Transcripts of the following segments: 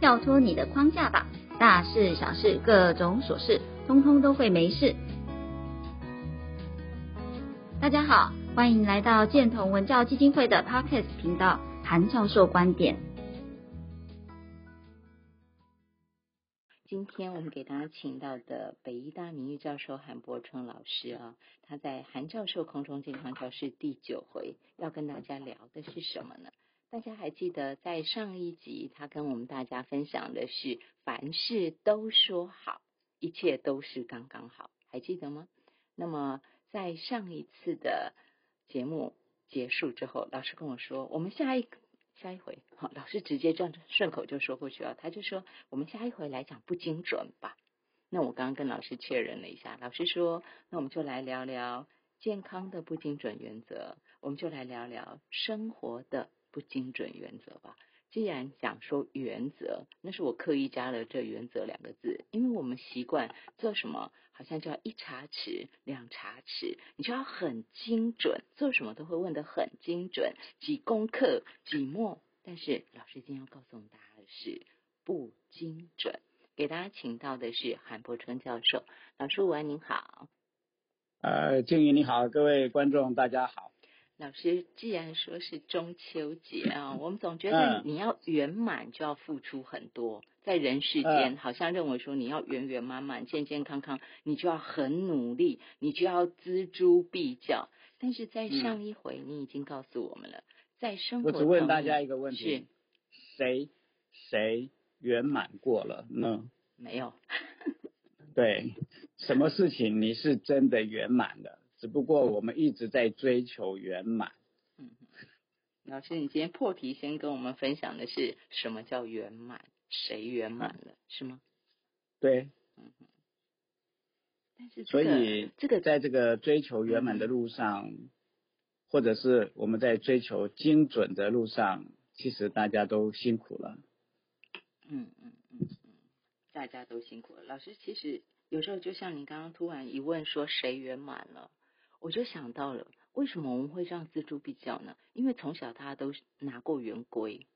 跳脫你的框架吧，大事小事各種瑣事，通通都會沒事。大家好，歡迎來到劍童文教基金會的 Podcast 頻道，韓教授觀點。今天我們給大家請到的北醫大名譽教授韓柏檉老師啊，他在《韓教授空中健康教室》第九回要跟大家聊的是什麼呢？大家還記得在上一集他跟我們大家分享的是凡事都說好，一切都是剛剛好，還記得嗎？那麼在上一次的節目結束之後，老師跟我說，我們下一下一回，好，老師直接這樣順口就說過去了，他就說我們下一回來講不精準吧。那我剛剛跟老師確認了一下，老師說那我們就來聊聊健康的不精準原則，我們就來聊聊生活的。不精準原則吧。既然想說原則，那是我刻意加了這“原則”兩個字，因為我們習慣做什麼，好像叫一茶匙、兩茶匙，你就要很精準，做什麼都會問得很精準，幾公克幾毫，但是老師今天要告訴大家的是不精準。給大家請到的是韓柏檉教授。老師晚安您好，呃，瀞儀你好，各位觀眾大家好。老師，既然說是中秋節啊、哦，我們總覺得你要圓滿就要付出很多，嗯、在人世間、嗯、好像認為說你要圓圓滿滿、健健康康，你就要很努力，你就要錙銖必較。但是在上一回、嗯、你已經告訴我們了，在生活我只問大家一個問題：是誰誰圓滿過了呢？沒有。 對，什麼事情你是真的圓滿的？只不過我們一直在追求圓滿。嗯，老師，你今天破題先跟我們分享的是什麼叫圓滿？誰圓滿了？是嗎？對。嗯嗯。但是、這個、所以這個在這個追求圓滿的路上，嗯、或者是我們在追求精準的路上，其實大家都辛苦了。嗯嗯嗯嗯，大家都辛苦了。老師，其實有時候就像你剛剛突然一問說誰圓滿了？我就想到了，為什麼我們會這樣錙銖必較呢？因為從小他都拿過圓規，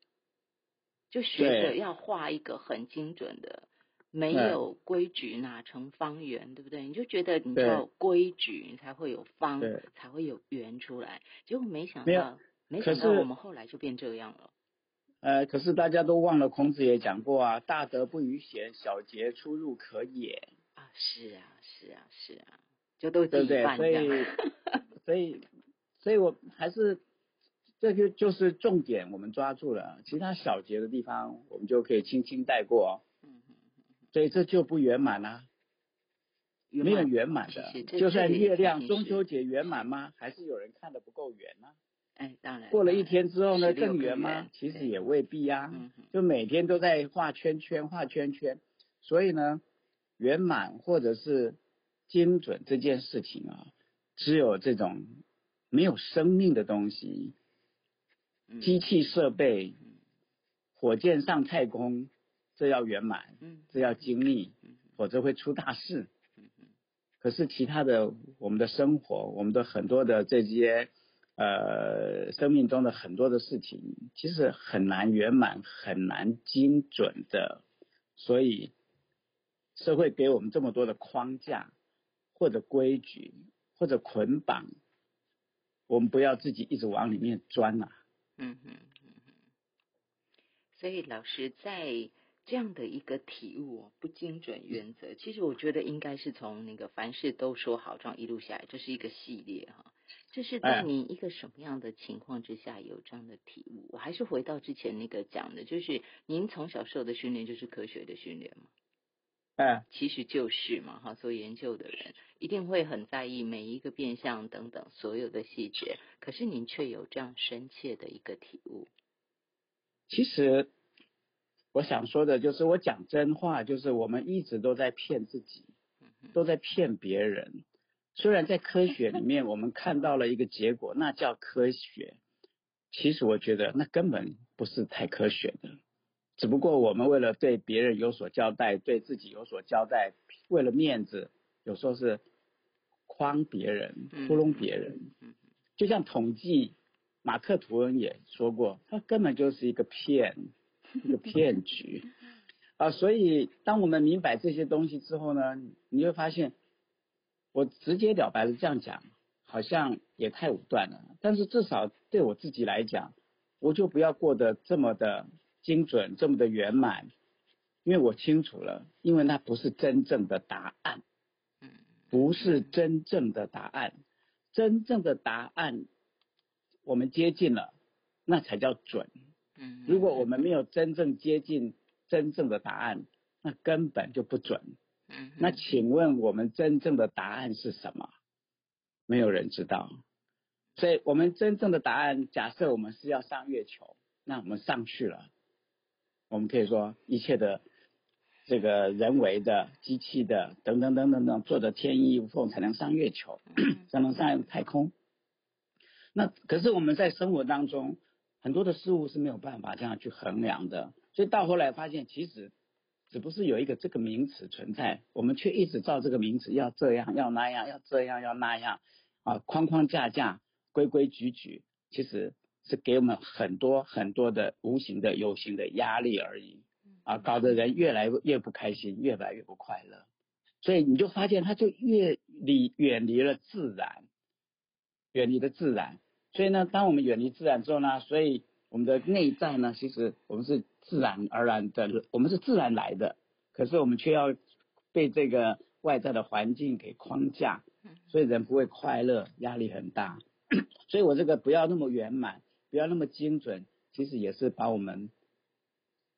就學着要畫一個很精準的，對沒有規矩哪成方圓，嗯、對不對？你就覺得你要規矩，你才會有方，對才會有圓出來。對結果沒想到，沒，有沒想到我們後來就變這樣了。呃，可是大家都忘了，孔子也講過啊，“大德不踰閑，小節出入可也。”啊，是啊，是啊，是啊。就都是對不對，所以，所以，所以我還是這就就是重點，我們抓住了，其他小節的地方我們就可以輕輕帶過。哦。嗯，所以這就不圓滿啦、啊，沒有圓滿的。就算月亮中秋節圓滿嗎？還是有人看得不夠圓呢？哎，當然。過了一天之後呢，更圓嗎？其實也未必呀、啊。嗯，就每天都在畫圈圈，畫圈圈。所以呢，圓滿或者是。精準這件事情啊，只有這種沒有生命的東西，機器設備、火箭上太空，這要圓滿，這要精密，否則會出大事。可是其他的，我們的生活，我們的很多的這些呃生命中的很多的事情，其實很難圓滿，很難精準的。所以社會給我們這麼多的框架，或者規矩，或者捆綁，我們不要自己一直往裡面鑽啊。嗯哼嗯哼。所以老師在這樣的一個體悟不精準原則，其實我覺得應該是從那個凡事都說好，這樣一路下來，這是一個系列哈。這是在您一個什麼樣的情況之下有這樣的體悟？我還是回到之前那個講的，就是您從小受的訓練就是科學的訓練嗎？其實就是嘛，哈，做研究的人一定會很在意每一個變相等等所有的細節。可是您卻有這樣深切的一個體悟。其實我想說的就是，我講真話，就是我們一直都在騙自己，都在騙別人。雖然在科學裡面我們看到了一個結果， 那叫科學。其實我覺得那根本不是太科學的。只不過我們為了對別人有所交代，對自己有所交代，為了面子，有時候是誆別人、糊弄別人。就像統計，馬克·吐溫也說過，他根本就是一個騙，一個騙局。啊、 呃，所以當我們明白這些東西之後呢，你會發現，我直接了白的這樣講，好像也太武斷了。但是至少對我自己來講，我就不要過得這麼的。精準，這麼的圓滿，因為我清楚了，因為那不是真正的答案，不是真正的答案，真正的答案我們接近了，那才叫準，如果我們沒有真正接近真正的答案，那根本就不準，那請問我們真正的答案是什麼？沒有人知道，所以我們真正的答案，假設我們是要上月球，那我們上去了。我們可以說一切的這個人為的、機器的等等等等等做的天衣無縫，才能上月球，才能上太空。那可是我們在生活當中很多的事物是沒有辦法這樣去衡量的，所以到後來發現，其實只不是有一個這個名詞存在，我們卻一直照這個名詞，要這樣，要那樣，要這樣，要那樣，啊、呃，框框架架，規規矩矩，其實。是給我們很多很多的無形的、有形的壓力而已，啊，搞得人越來越不開心，越來越不快樂。所以你就發現，他就越離遠離了自然，遠離了自然。所以呢，當我們遠離自然之後呢，所以我們的內在呢，其實我們是自然而然的，我們是自然來的。可是我們卻要被這個外在的環境給框架，所以人不會快樂，壓力很大。所以我這個不要那麼圓滿。不要那麼精準，其實也是把我們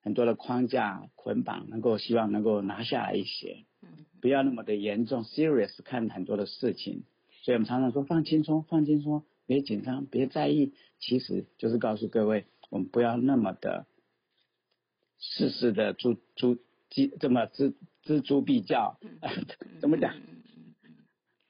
很多的框架捆綁，能夠希望能夠拿下來一些。嗯。不要那麼的嚴重，serious 看很多的事情，所以我們常常說放輕鬆，放輕鬆，別緊張，別在意，其實就是告訴各位，我們不要那麼的事事的諸諸，激，這麼錙錙銖必較。 怎麼講？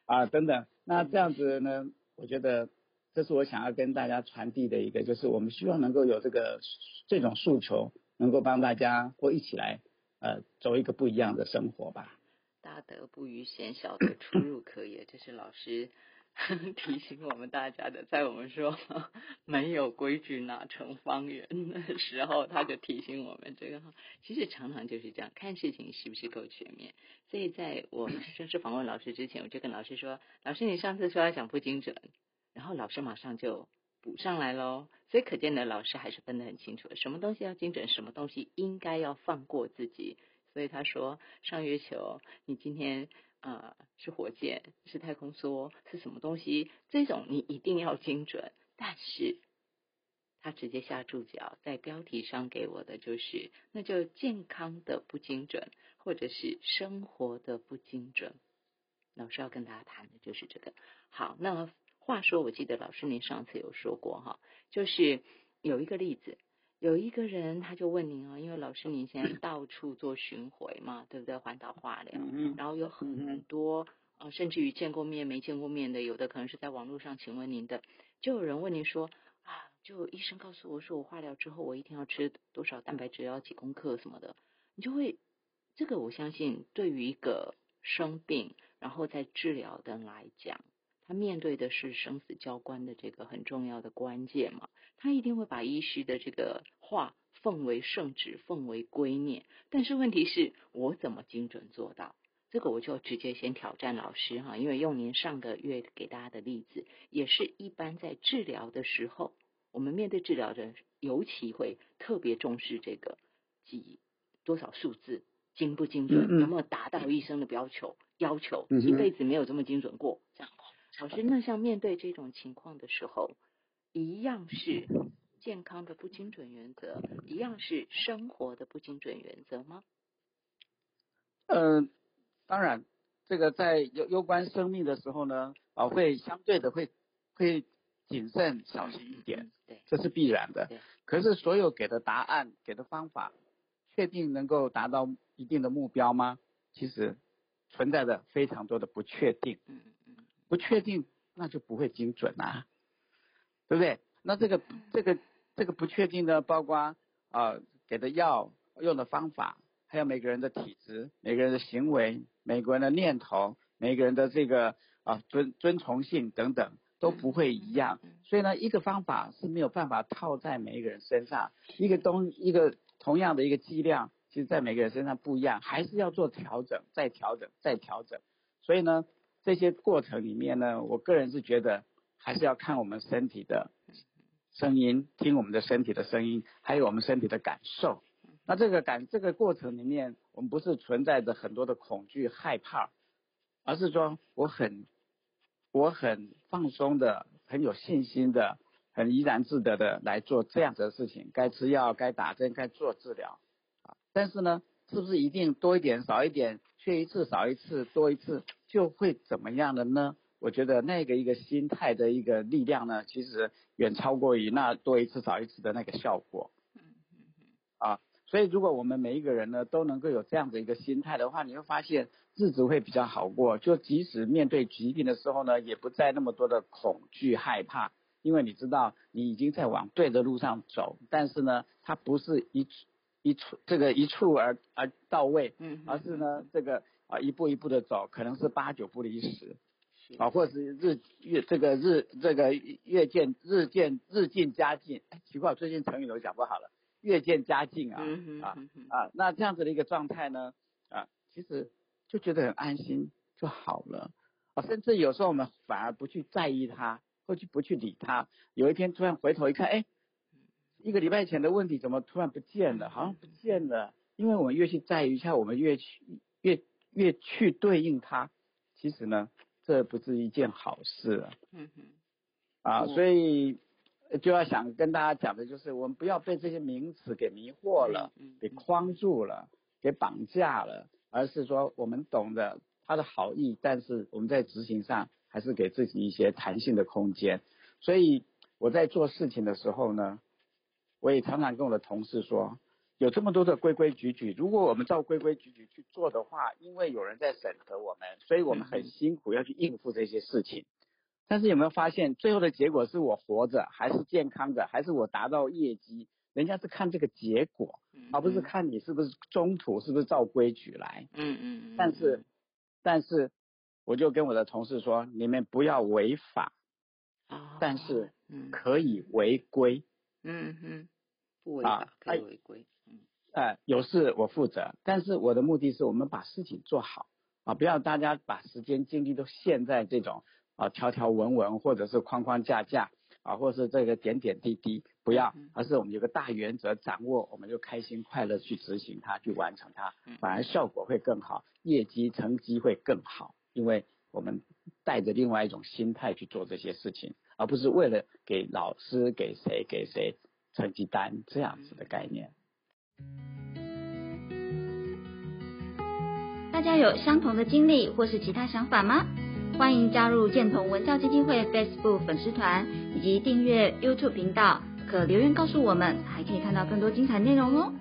啊，等等，那這樣子呢？我覺得。這是我想要跟大家傳遞的一個，就是我們希望能夠有這個這種訴求，能夠幫大家或一起來，呃，走一個不一樣的生活吧。大德不逾閑，小德出入可也。這是老師呵呵提醒我們大家的，在我們說沒有規矩哪成方圓的時候，他就提醒我們這個。其實常常就是這樣，看事情是不是夠全面。所以，在我們正式訪問老師之前，我就跟老師說：“老師，你上次說要講不精準。”然後老師馬上就補上來嘍，所以可見呢，老師還是分得很清楚，什麼東西要精準，什麼東西應該要放過自己。所以他說，上月球，你今天呃是火箭，是太空梭，是什麼東西？這種你一定要精準。但是他直接下注腳在標題上給我的就是，那就健康的不精準，或者是生活的不精準。老師要跟大家談的就是這個。好，那麼。話說，我記得老師您上次有說過哈，就是有一個例子，有一個人他就問您啊，因為老師您現在到處做巡迴嘛，對不對？環島化療，然後有很多呃，甚至於見過面沒見過面的，有的可能是在網絡上請問您的，就有人問您說啊，就醫生告訴我說，我化療之後我一天要吃多少蛋白質，要幾公克什麼的，你就會這個，我相信對於一個生病然後在治療的人來講。他面對的是生死交關的這個很重要的關鍵嘛，他一定會把醫師的這個話奉為聖旨，奉為圭臬。但是問題是我怎麼精準做到？這個我就直接先挑戰老師哈，因為用您上個月給大家的例子，也是一般在治療的時候，我們面對治療的，尤其會特別重視這個幾多少數字精不精準，能不能達到醫生的要求？要求、嗯、一輩子沒有這麼精準過。老師，那像面對這種情況的時候，一樣是健康的不精準原則，一樣是生活的不精準原則嗎？嗯，當然，這個在攸攸關生命的時候呢，啊，會相對的會會謹慎小心一點，對，這是必然的。可是，所有給的答案、給的方法，確定能夠達到一定的目標嗎？其實存在着非常多的不確定。不確定，那就不會精準啊，對不對？那這個這個這個不確定的包括啊、呃，給的藥用的方法，還有每個人的體質、每個人的行為、每個人的念頭、每個人的這個啊遵遵從性等等，都不會一樣。所以呢，一個方法是沒有辦法套在每一個人身上，一個東一個同樣的一個劑量，其實，在每個人身上不一樣，還是要做調整，再調整，再調整。所以呢。這些過程裡面呢，我個人是覺得還是要看我們身體的聲音，聽我們的身體的聲音，還有我們身體的感受。那這個感這個過程裡面，我們不是存在着很多的恐懼、害怕，而是說我很我很放鬆的，很有信心的，很怡然自得的來做這樣子的事情。該吃藥、該打針、該做治療，啊，但是呢，是不是一定多一點、少一點？缺一次少一次多一次就會怎麼樣的呢？我覺得那個一個心態的一個力量呢，其實遠超過於那多一次少一次的那個效果。嗯嗯嗯。啊，所以如果我們每一個人呢都能夠有這樣的一個心態的話，你會發現日子會比較好過。就即使面對疾病的時候呢，也不再那麼多的恐懼害怕，因為你知道你已經在往對的路上走。但是呢，它不是一一蹴這個一蹴而而到位，嗯哼，而是呢這個啊一步一步的走，可能是八九不離十，是的啊，或者是日月這個日這個月見，日漸日進加進，奇怪，我最近成語都講不好了，月見加進啊，嗯、哼啊啊，那這樣子的一個狀態呢，啊，其實就覺得很安心就好了，啊，甚至有時候我們反而不去在意它，或者不去理它，有一天突然回頭一看，哎。一個禮拜前的問題怎麼突然不見了？好像不見了，因為我們越去在意一下，我們越去越越去對應它，其實呢，這不是一件好事。嗯哼，啊，所以就要想跟大家講的就是，我們不要被這些名詞給迷惑了，給框住了，給綁架了，而是說我們懂得他的好意，但是我們在執行上還是給自己一些彈性的空間。所以我在做事情的時候呢。我也常常跟我的同事說，有這麼多的規規矩矩，如果我們照規規矩矩去做的話，因為有人在審核我們，所以我們很辛苦要去應付這些事情。嗯、哼但是有沒有發現，最後的結果是我活着，還是健康的，還是我達到業績？人家是看這個結果，嗯、哼而不是看你是不是中途是不是照規矩來。嗯嗯，嗯，嗯但是，但是，我就跟我的同事說，你們不要違法，哦、但是可以違規。嗯，嗯哼。不啊，不違規，嗯、啊，哎、啊，有事我負責，但是我的目的是我們把事情做好啊，不要大家把時間精力都陷在這種啊條條文文或者是框框架架啊，或者是這個點點滴滴，不要，而是我們有個大原則掌握，我們就開心快樂去執行它，去完成它，反而效果會更好，業績成績會更好，因為我們帶着另外一種心態去做這些事情，而不是為了給老師給誰給誰。成績單這樣子的概念，大家有相同的經歷或是其他想法嗎？歡迎加入建同文教基金會 Facebook 粉絲團以及訂閱 YouTube 頻道，可留言告訴我們，還可以看到更多精彩內容哦。